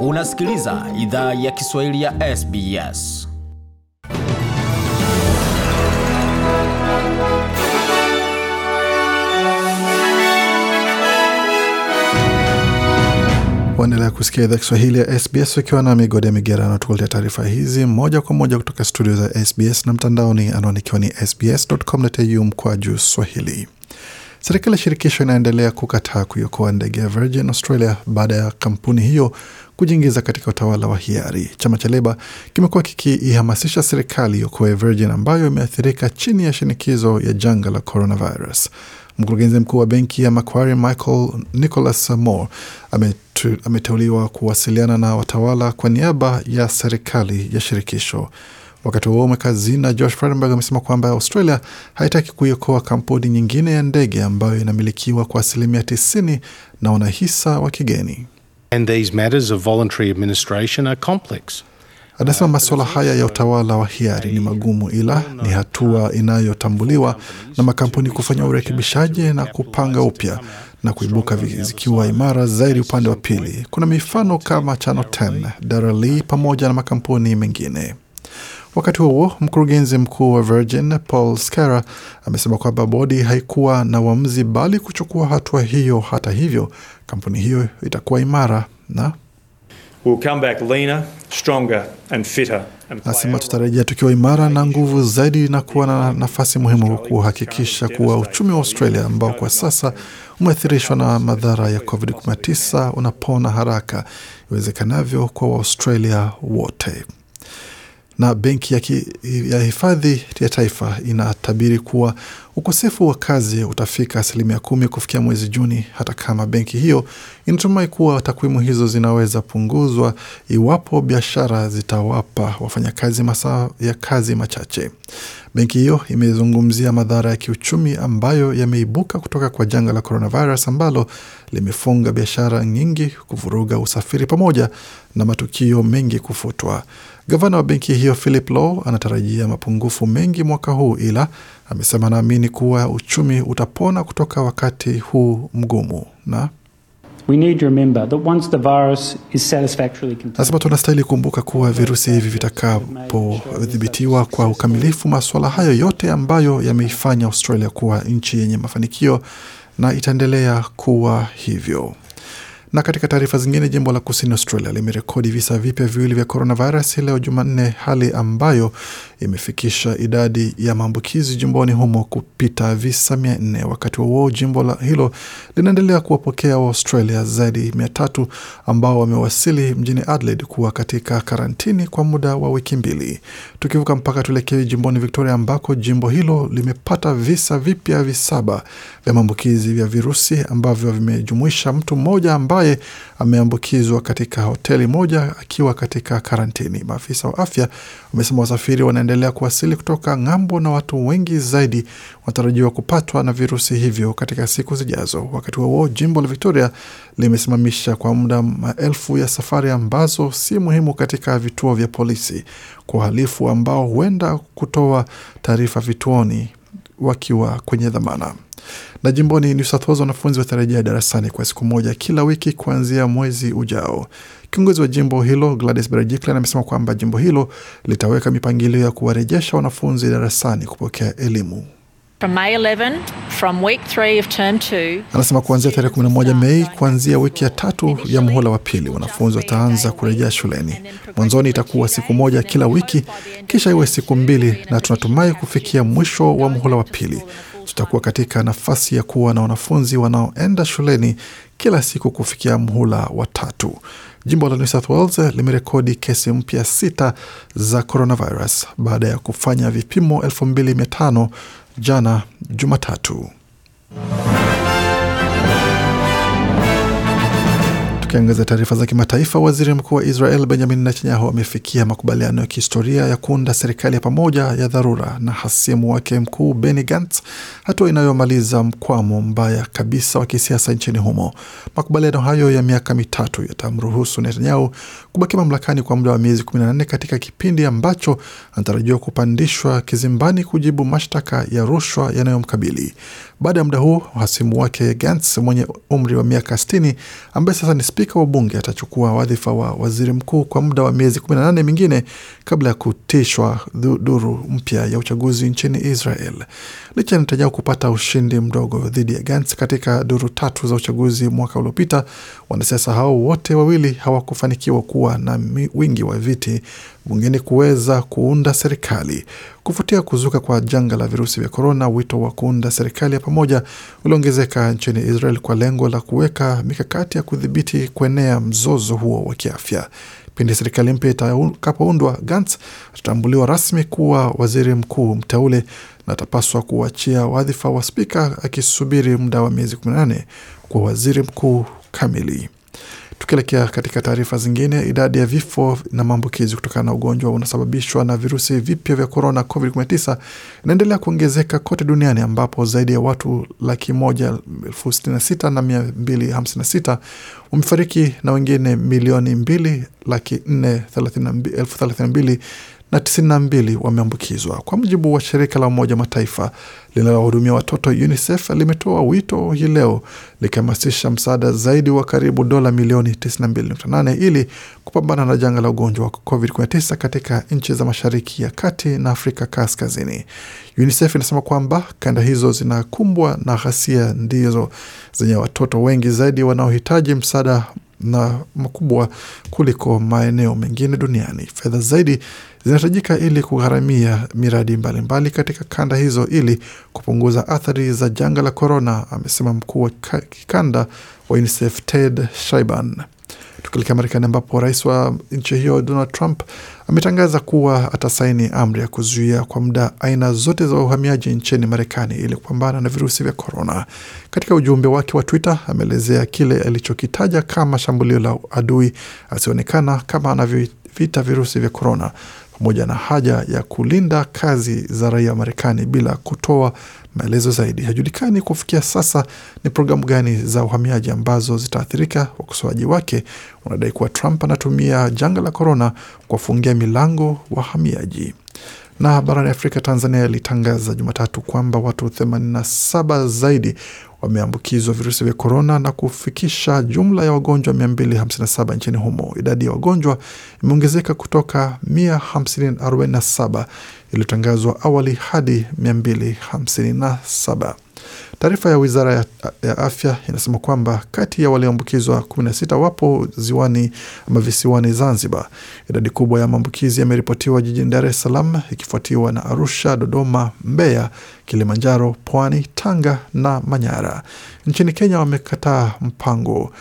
Unasikiliza idhaa ya Kiswahili ya SBS. Waendelea kusikia idhaa Kiswahili ya SBS ukiwa na migodi ya migerano, tukuletea taarifa hizi moja kwa moja kutoka studio za SBS na mtandaoni, anaonikiwa ni sbs.com.au juu swahili. Serikali ya shirikisho inaendelea kukataa kuiokoa ndege ya Virgin Australia baada ya kampuni hiyo kujiingiza katika utawala wa hiari. Chama cha Leba kimekuwa kikiihamasisha serikali iokoe Virgin ambayo imeathirika chini ya shinikizo ya janga la coronavirus. Mkurugenzi mkuu wa benki ya Macquarie Michael Nicholas Moore ameteuliwa kuwasiliana na watawala kwa niaba ya serikali ya shirikisho. Wakati huo mweka hazina Josh Frydenberg amesema kwamba Australia haitaki kuiokoa kampuni nyingine ya ndege ambayo inamilikiwa kwa asilimia 90 na wanahisa wa kigeni. Anasema masuala haya ya utawala wa hiari ni magumu, ila ni hatua inayotambuliwa na makampuni kufanya urekebishaji na kupanga upya na kuibuka zikiwa imara zaidi upande wa pili. Kuna mifano kama Channel 10, Dara Lee pamoja na makampuni mengine. Wakati huo mkurugenzi mkuu wa Virgin Paul Scara amesema kwamba bodi haikuwa na uamuzi bali kuchukua hatua hiyo. Hata hivyo, kampuni hiyo itakuwa imara na Nasema tutarejea tukiwa imara na nguvu zaidi na kuwa na nafasi muhimu kuhakikisha kuwa uchumi wa Australia ambao kwa sasa umeathirishwa na madhara ya COVID-19 unapona haraka iwezekanavyo kwa Waaustralia wote na Benki ya, ya Hifadhi ya Taifa inatabiri kuwa ukosefu wa kazi utafika asilimia kumi kufikia mwezi Juni, hata kama benki hiyo inatumai kuwa takwimu hizo zinaweza punguzwa iwapo biashara zitawapa wafanyakazi masaa ya kazi machache. Benki hiyo imezungumzia madhara ya kiuchumi ambayo yameibuka kutoka kwa janga la coronavirus ambalo limefunga biashara nyingi, kuvuruga usafiri pamoja na matukio mengi kufutwa. Gavana wa benki hiyo Philip Lowe anatarajia mapungufu mengi mwaka huu, ila amesema anaamini kuwa uchumi utapona kutoka wakati huu mgumu na Nasema tunastahili kumbuka kuwa virusi hivi vitakapodhibitiwa kwa ukamilifu, masuala hayo yote ambayo yameifanya Australia kuwa nchi yenye mafanikio na itaendelea kuwa hivyo. Na katika taarifa zingine, jimbo la kusini Australia limerekodi visa vipya viwili vya coronavirus leo Jumanne, hali ambayo imefikisha idadi ya maambukizi jimboni humo kupita visa mia nne. Wakati huo jimbo la hilo linaendelea kuwapokea Waaustralia zaidi mia tatu ambao wamewasili mjini Adelaide kuwa katika karantini kwa muda wa wiki mbili. Tukivuka mpaka tuelekee jimboni Victoria ambako jimbo hilo limepata visa vipya visaba vya maambukizi ya virusi ambavyo vimejumuisha mtu mmoja ambaye ambaye ameambukizwa katika hoteli moja akiwa katika karantini. Maafisa wa afya wamesema wasafiri wanaendelea kuwasili kutoka ng'ambo na watu wengi zaidi wanatarajiwa kupatwa na virusi hivyo katika siku zijazo. Wakati huo jimbo la Victoria limesimamisha kwa muda maelfu ya safari ambazo si muhimu katika vituo vya polisi kwa uhalifu ambao huenda kutoa taarifa vituoni wakiwa kwenye dhamana. Na jimboni New South Wales, wanafunzi watarejea darasani kwa siku moja kila wiki kuanzia mwezi ujao. Kiongozi wa jimbo hilo Gladys Berejiklian amesema kwamba jimbo hilo litaweka mipangilio ya kuwarejesha wanafunzi darasani kupokea elimu. Anasema kuanzia tarehe 11 Mei, kuanzia wiki ya tatu ya mhola wa pili, wanafunzi wataanza kurejea shuleni. Mwanzoni itakuwa siku moja kila wiki, kisha iwe siku mbili, na tunatumai kufikia mwisho wa mhola wa pili tutakuwa katika nafasi ya kuwa na wanafunzi wanaoenda shuleni kila siku kufikia mhula wa tatu. Jimbo la New South Wales limerekodi kesi mpya sita za coronavirus baada ya kufanya vipimo 2500 jana Jumatatu. Tukiangazia taarifa za kimataifa, waziri mkuu wa Israel Benjamin Netanyahu amefikia makubaliano ya kihistoria ya kuunda serikali ya pamoja ya dharura na hasimu wake mkuu Benny Gantz hatua inayomaliza mkwamo mbaya kabisa wa kisiasa nchini humo. Makubaliano hayo ya miaka mitatu yatamruhusu Netanyahu kubaki mamlakani kwa muda wa miezi 14 katika kipindi ambacho anatarajiwa kupandishwa kizimbani kujibu mashtaka ya rushwa yanayomkabili. Baada ya muda huo, hasimu wake Gantz mwenye umri wa miaka 60 ambaye sasa ni spika wa bunge atachukua wadhifa wa waziri mkuu kwa muda wa miezi 18 mingine kabla ya kutishwa duru mpya ya uchaguzi nchini Israel. Licha ya Netanyahu kupata ushindi mdogo dhidi ya Gantz katika duru tatu za uchaguzi mwaka uliopita. Wanasiasa hao wote wawili hawakufanikiwa kuwa na wingi wa viti bungeni kuweza kuunda serikali. Kufuatia kuzuka kwa janga la virusi vya korona, wito wa kuunda serikali ya pamoja uliongezeka nchini Israel kwa lengo la kuweka mikakati ya kudhibiti kuenea mzozo huo wa kiafya. Pindi serikali mpya itakapoundwa, Gantz atatambuliwa rasmi kuwa waziri mkuu mteule na atapaswa kuachia wadhifa wa spika akisubiri muda wa miezi 18 kuwa waziri mkuu kamili. Tukielekea katika taarifa zingine, idadi ya vifo na maambukizi kutokana na ugonjwa unasababishwa na virusi vipya vya korona COVID-19 inaendelea kuongezeka kote duniani ambapo zaidi ya watu laki moja elfu sitini na sita na mia mbili hamsini na sita wamefariki na wengine milioni mbili laki nne elfu thelathini na mbili na 92 wameambukizwa, kwa mujibu wa shirika la Umoja Mataifa linalohudumia watoto UNICEF limetoa wito hii leo likihamasisha msaada zaidi wa karibu dola milioni 92.8 ili kupambana na janga la ugonjwa wa COVID-19 katika nchi za Mashariki ya Kati na Afrika Kaskazini. UNICEF inasema kwamba kanda hizo zinakumbwa na ghasia ndizo zenye watoto wengi zaidi wanaohitaji msaada na makubwa kuliko maeneo mengine duniani. Fedha zaidi zinahitajika ili kugharamia miradi mbalimbali mbali katika kanda hizo ili kupunguza athari za janga la korona, amesema mkuu wa kikanda wa UNICEF Ted Shaiban. Tukilekea Marekani, ambapo rais wa nchi hiyo Donald Trump ametangaza kuwa atasaini amri ya kuzuia kwa muda aina zote za uhamiaji nchini Marekani ili kupambana na virusi vya korona. Katika ujumbe wake wa Twitter ameelezea kile alichokitaja kama shambulio la adui asionekana kama anavyo vita virusi vya korona pamoja na haja ya kulinda kazi za raia wa Marekani bila kutoa maelezo zaidi. Hajulikani kufikia sasa ni programu gani za uhamiaji ambazo zitaathirika. Wakosoaji wake wanadai kuwa Trump anatumia janga la korona kuwafungia milango wahamiaji. Na barani Afrika, Tanzania ilitangaza Jumatatu kwamba watu 87 zaidi wameambukizwa virusi vya korona na kufikisha jumla ya wagonjwa 257 nchini humo. Idadi ya wagonjwa imeongezeka kutoka ma547 iliyotangazwa awali hadi 257. Taarifa ya wizara ya, ya afya inasema kwamba kati ya walioambukizwa 16 wapo ziwani ama visiwani Zanzibar. Idadi kubwa ya maambukizi yameripotiwa jijini Dar es Salaam, ikifuatiwa na Arusha, Dodoma, Mbeya, Kilimanjaro, Pwani, Tanga na Manyara. Nchini Kenya wamekataa mpango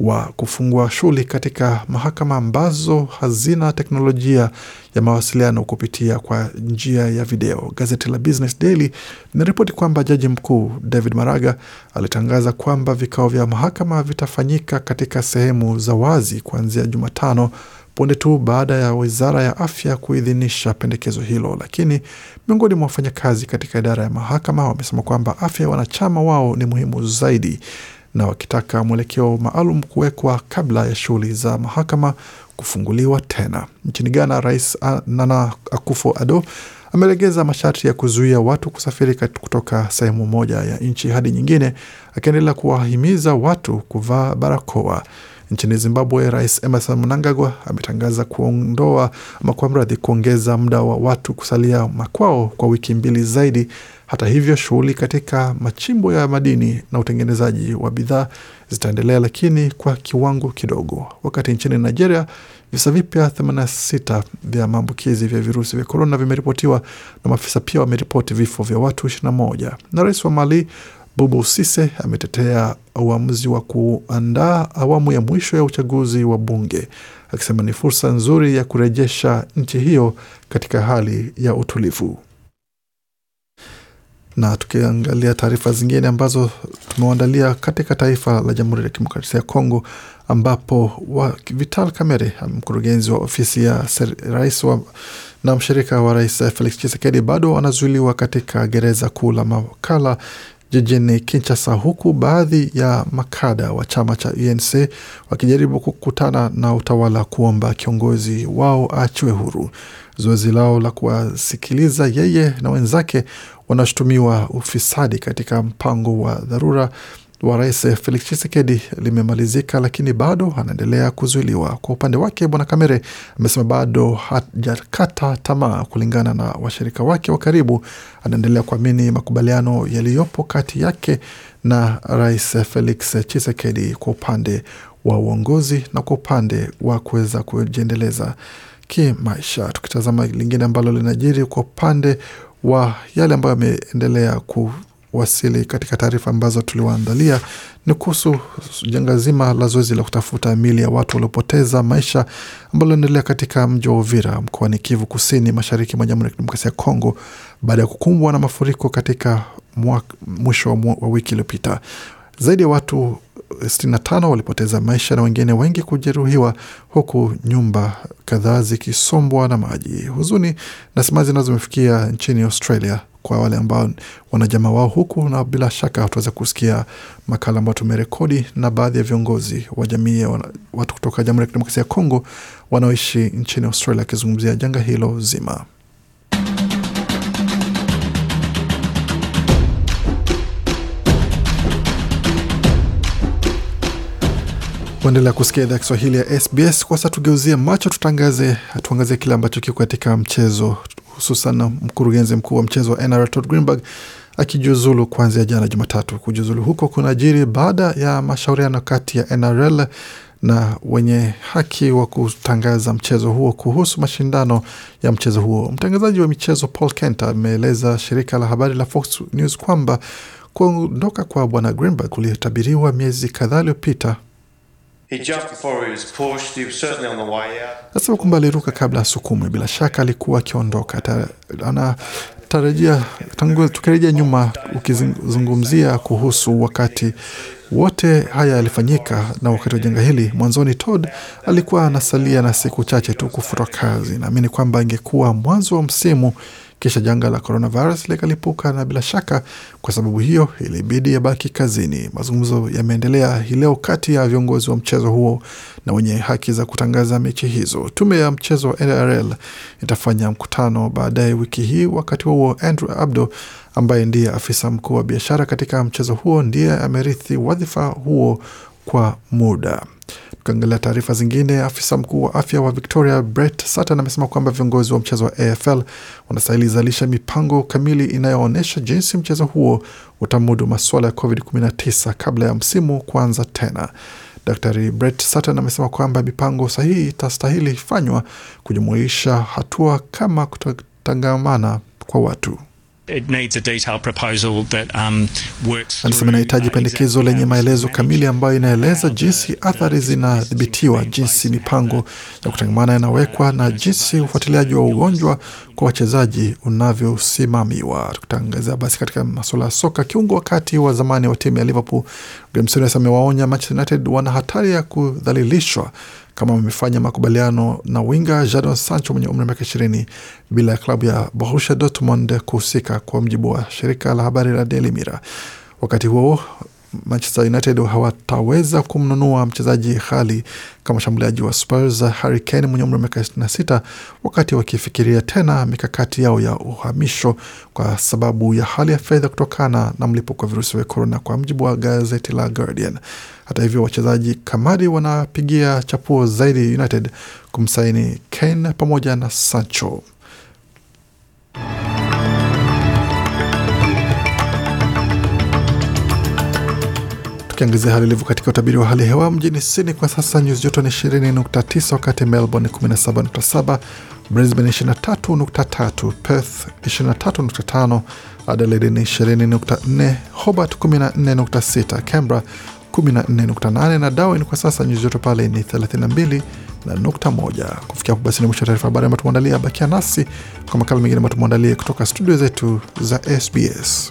wa kufungua shughuli katika mahakama ambazo hazina teknolojia ya mawasiliano kupitia kwa njia ya video. Gazeti la Business Daily linaripoti kwamba jaji mkuu David Maraga alitangaza kwamba vikao vya mahakama vitafanyika katika sehemu za wazi kuanzia Jumatano punde tu baada ya wizara ya afya kuidhinisha pendekezo hilo. Lakini miongoni mwa wafanyakazi katika idara ya mahakama wamesema kwamba afya ya wanachama wao ni muhimu zaidi na wakitaka mwelekeo maalum kuwekwa kabla ya shughuli za mahakama kufunguliwa tena. Nchini Ghana, Rais Nana akufo ado amelegeza masharti ya kuzuia watu kusafiri kutoka sehemu moja ya nchi hadi nyingine, akiendelea kuwahimiza watu kuvaa barakoa. Nchini Zimbabwe, Rais Emerson Mnangagwa ametangaza kuondoa ama kwa mradhi, kuongeza muda wa watu kusalia makwao kwa wiki mbili zaidi hata hivyo, shughuli katika machimbo ya madini na utengenezaji wa bidhaa zitaendelea, lakini kwa kiwango kidogo. Wakati nchini Nigeria visa vipya 86 vya maambukizi vya virusi vya korona vimeripotiwa na maafisa pia wameripoti vifo vya watu 21. Na rais wa Mali Bubu Sise ametetea uamuzi wa kuandaa awamu ya mwisho ya uchaguzi wa bunge akisema ni fursa nzuri ya kurejesha nchi hiyo katika hali ya utulivu. Na tukiangalia taarifa zingine ambazo tumewaandalia katika taifa la Jamhuri ya Kidemokrasia ya Kongo, ambapo wa Vital Kamerhe, mkurugenzi wa ofisi ya rais wa na mshirika wa rais Felix Tshisekedi, bado wanazuiliwa katika gereza kuu la Makala jijini Kinshasa, huku baadhi ya makada wa chama cha UNC wakijaribu kukutana na utawala kuomba kiongozi wao achiwe huru. Zoezi lao la kuwasikiliza yeye na wenzake wanashutumiwa ufisadi katika mpango wa dharura wa Rais Felix Chisekedi limemalizika, lakini bado anaendelea kuzuiliwa. Kwa upande wake, Bwana Kamere amesema bado hajakata tamaa. Kulingana na washirika wake wa karibu, anaendelea kuamini makubaliano yaliyopo kati yake na Rais Felix Chisekedi kwa upande wa uongozi na kwa upande wa kuweza kujiendeleza kimaisha. Tukitazama lingine ambalo linajiri kwa upande wa yale ambayo yameendelea kuwasili katika taarifa ambazo tuliwaandalia ni kuhusu janga zima la zoezi la kutafuta mili ya watu waliopoteza maisha ambalo linaendelea katika mji wa Uvira mkoani Kivu Kusini, mashariki mwa Jamhuri ya Kidemokrasia ya Kongo baada ya kukumbwa na mafuriko katika mwisho wa wiki iliyopita. Zaidi ya watu 65 walipoteza maisha na wengine wengi kujeruhiwa, huku nyumba kadhaa zikisombwa na maji. Huzuni na simanzi nazo zimefikia nchini Australia kwa wale ambao wanajamaa wao huku, na bila shaka tutaweza kusikia makala ambayo tumerekodi na baadhi ya viongozi wa jamii ya watu kutoka Jamhuri ya Kidemokrasia ya Kongo wanaoishi nchini Australia wakizungumzia janga hilo zima. kuendelea kusikia idhaa Kiswahili ya SBS. Kwa sasa tugeuzie macho, tutangaze tuangazie kile ambacho kiko katika mchezo, hususan mkurugenzi mkuu wa mchezo wa NRL Todd Greenberg akijiuzulu kuanzia jana Jumatatu. Kujiuzulu huko kuna ajiri baada ya mashauriano kati ya NRL na wenye haki wa kutangaza mchezo huo kuhusu mashindano ya mchezo huo. Mtangazaji wa michezo Paul Kent ameeleza shirika la habari la Fox News kwamba kuondoka kwa bwana Greenberg kulitabiriwa miezi kadhaa iliyopita Nasema kwamba aliruka kabla asukumwe, bila shaka alikuwa akiondoka Anatarajia tukirejea nyuma, ukizungumzia kuhusu wakati wote haya yalifanyika na wakati wa janga hili mwanzoni, Todd alikuwa anasalia na siku chache tu kufuta kazi. Naamini kwamba ingekuwa mwanzo wa msimu kisha janga la coronavirus likalipuka, na bila shaka kwa sababu hiyo ilibidi yabaki kazini. Mazungumzo yameendelea hii leo kati ya viongozi wa mchezo huo na wenye haki za kutangaza mechi hizo. Tume ya mchezo wa NRL itafanya mkutano baadaye wiki hii. Wakati huo Andrew Abdo ambaye ndiye afisa mkuu wa biashara katika mchezo huo ndiye amerithi wadhifa huo kwa muda. Tukiangalia taarifa zingine, afisa mkuu wa afya wa Victoria Brett Sutton amesema kwamba viongozi wa mchezo wa AFL wanastahili zalisha mipango kamili inayoonyesha jinsi mchezo huo utamudu masuala ya COVID-19 kabla ya msimu kuanza tena. dr Brett Sutton amesema kwamba mipango sahihi itastahili fanywa kujumuisha hatua kama kutotangamana kwa watu. Um, Anasema inahitaji uh, pendekezo lenye maelezo kamili ambayo inaeleza uh, jinsi athari zinadhibitiwa, jinsi mipango ya kutangamana inawekwa, na jinsi ufuatiliaji wa ugonjwa kwa wachezaji unavyosimamiwa. Tukitangazia basi katika masuala ya soka, kiungo wakati wa zamani wa timu ya Liverpool Graham Souness amewaonya Manchester United wana hatari ya kudhalilishwa kama amefanya makubaliano na winga Jadon Sancho mwenye umri wa miaka ishirini bila ya klabu ya Borussia Dortmund kuhusika, kwa mjibu wa shirika la habari la Daily Mirror. Wakati huo Manchester United hawataweza kumnunua mchezaji ghali kama shambuliaji wa Spurs Harry Kane mwenye umri wa miaka 26 wakati wakifikiria tena mikakati yao ya uhamisho kwa sababu ya hali ya fedha kutokana na mlipuko wa virusi vya korona, kwa mjibu wa gazeti la Guardian. Hata hivyo, wachezaji kamari wanapigia chapuo zaidi United kumsaini Kane pamoja na Sancho. Tukiangazia hali ilivyo katika utabiri wa hali ya hewa mjini Sydney kwa sasa nyuzi joto ni 20.9, wakati Melbourne 17.7, Brisbane 23.3, Perth 23.5, Adelaide ni 20.4, Hobart 14.6, Canberra 14.8 na Darwin kwa sasa nyuzi joto pale ni 321 Kufikia hapo basi ni mwisho wa taarifa habari ambayo tumeandalia. Bakia nasi kwa makala mengine ambayo tumeandalia kutoka studio zetu za SBS.